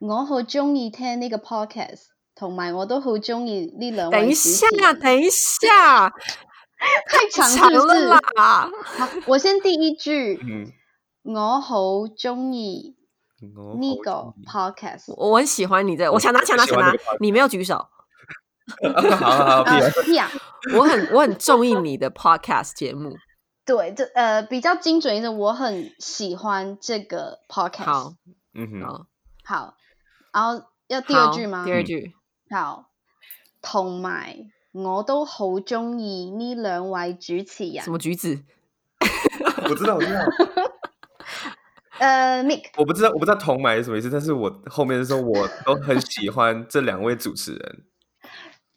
我好中意聽呢個 podcast，同埋我都好中意呢兩位。等一下，等一下， 太長了啦， 太長了啦！ 好，我先第一句，嗯、我好中意呢個 podcast 我。我很喜歡你的，的我搶答，搶答，搶答？你沒有舉手。 我很我很中意你的 podcast 節目。 對，就，誒，比較精準一點，我很喜歡這個 podcast。嗯哼，好，好。然後要第二句嗎？第二句、嗯、好，同埋我都好中意呢兩位主持人。什麼橘子？我知道我知道。呃 Nick 我不知道我不知道同埋是什麼意思，但是我後面的時候我都很喜歡這兩位主持人。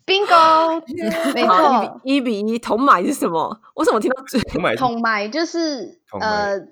Bingo， yeah, 沒錯，一比一，同埋是什麼？我怎麼聽到同埋？同埋就是，誒。呃